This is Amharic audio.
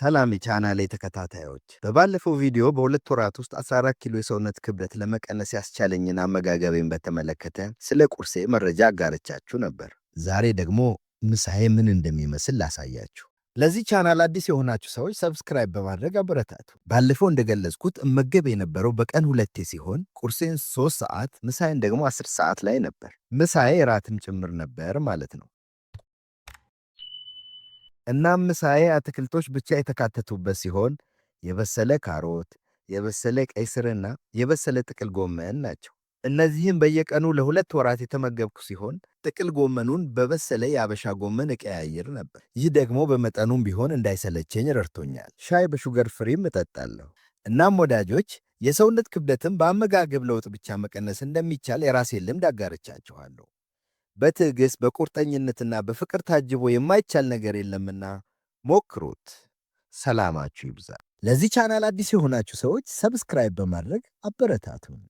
ሰላም የቻናሌ ተከታታዮች፣ በባለፈው ቪዲዮ በሁለት ወራት ውስጥ 14 ኪሎ የሰውነት ክብደት ለመቀነስ ያስቻለኝን አመጋገቤን በተመለከተ ስለ ቁርሴ መረጃ አጋርቻችሁ ነበር። ዛሬ ደግሞ ምሳዬ ምን እንደሚመስል ላሳያችሁ። ለዚህ ቻናል አዲስ የሆናችሁ ሰዎች ሰብስክራይብ በማድረግ አበረታቱ። ባለፈው እንደገለጽኩት እመገብ የነበረው በቀን ሁለቴ ሲሆን ቁርሴን 3 ሰዓት፣ ምሳዬን ደግሞ 10 ሰዓት ላይ ነበር። ምሳዬ እራትም ጭምር ነበር ማለት ነው። እናም ምሳዬ አትክልቶች ብቻ የተካተቱበት ሲሆን የበሰለ ካሮት፣ የበሰለ ቀይ ስርና የበሰለ ጥቅል ጎመን ናቸው። እነዚህም በየቀኑ ለሁለት ወራት የተመገብኩ ሲሆን ጥቅል ጎመኑን በበሰለ የአበሻ ጎመን እቀያይር ነበር። ይህ ደግሞ በመጠኑም ቢሆን እንዳይሰለቸኝ ረድቶኛል። ሻይ በሹገር ፍሪም እጠጣለሁ። እናም ወዳጆች የሰውነት ክብደትን በአመጋገብ ለውጥ ብቻ መቀነስ እንደሚቻል የራሴን ልምድ አጋርቻችኋለሁ። በትዕግሥት በቁርጠኝነትና በፍቅር ታጅቦ የማይቻል ነገር የለምና ሞክሩት። ሰላማችሁ ይብዛ። ለዚህ ቻናል አዲስ የሆናችሁ ሰዎች ሰብስክራይብ በማድረግ አበረታቱን።